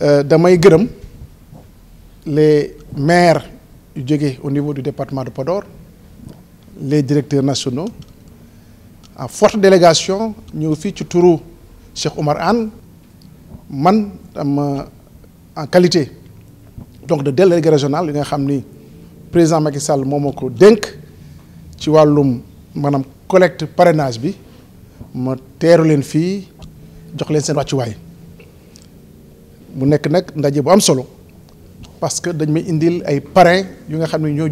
Euh, damay gërëm les maires yu jógee au niveau du département de Podor les directeurs nationaux à forte délégation ñëw fii ci turu Cheikh Omar Anne man euh, en qualité donc de délégué régional li nga xam ni président Macky Sall moom moo ko dénk ci wàllum maanaam collecte parrainage bi ma teeru leen fii jox leen seen wàccuwaay mu nekk nag ndaje bu am solo parce que dañ may indil ay parrains yu nga xam ñoo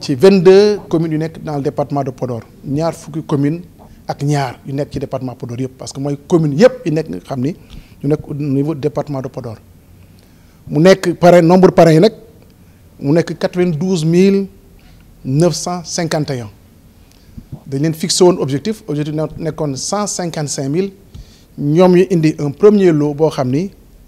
ci 22 communes yu dans le département de Podor ñaar fukki commune ak ñaar yu nekk ci département Podor yëpp parce que mooy commune yëpp yu nekk nga xam ñu nekk au niveau département de Podor mu nekk parrain nombre parrain yi mu nekk 92 951 dañ leen fixé woon objectif objectif nekkoon 155 000 Nous ñu indi un premier lot boo xam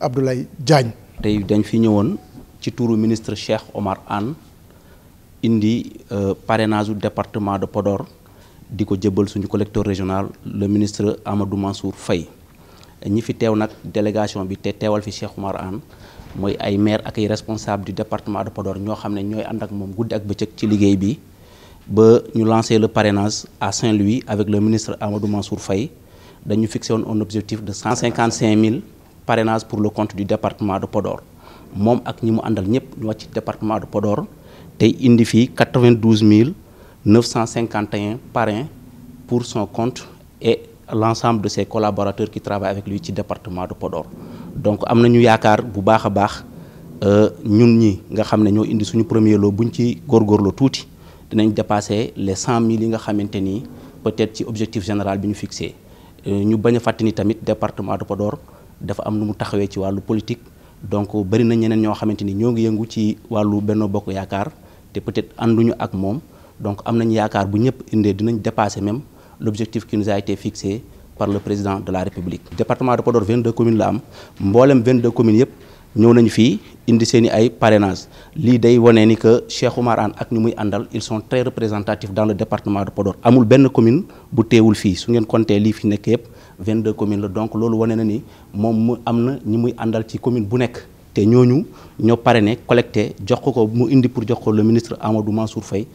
Abdoulaye Diagne. Tay dañ fi ñëwoon ci touru ministre Cheikh Omar Anne indi euh, parrainage du département de Podor diko jëbël le suñu collecteur régional le ministre Amadou Mansour Faye ñi fi teew nak délégation bi té teewal fi Cheikh Omar Anne moy ay maire ak ay responsable du département de Podor ño xamné ñoy and ak mom gudd ak bëcëk ci liggéey bi ba ñu lancer le parrainage à Saint-Louis avec le ministre Amadou Mansour Faye dañu fixé un objectif de 155 000 parrainage pour le compte du département de Podor Mom ak ñimu andal département de Podor indi 92 951 parrains pour son compte et l'ensemble de ses collaborateurs qui travaillent avec lui ci département de Podor donc amna ñu yaakar bu baax euh ñun ñi nga xamné ñoo indi suñu premier lot buñ ci lo les 100 000 nga peut-être objectif général fixé euh, ñu département de Podor dafa am numu taxawé ci walu politique donc bari na ñeneen ño ni yëngu ci walu Benno Bokk peut-être ak donc am bu ñëpp indé dépasser même l'objectif qui nous a été fixé par le président de la République département de Podor 22 communes la am 22 communes nous sommes ici, indi sommes ay parrainage day est que Cheikh Omarane ak ils sont très représentatifs dans le département de Podor amul une commune bu est fii su ngeen 22 communes donc loolu qui na ni c'est qu'il am a qui ci commune bu nekk te parrainé collecté ko pour le ministre Amadou Mansour Faye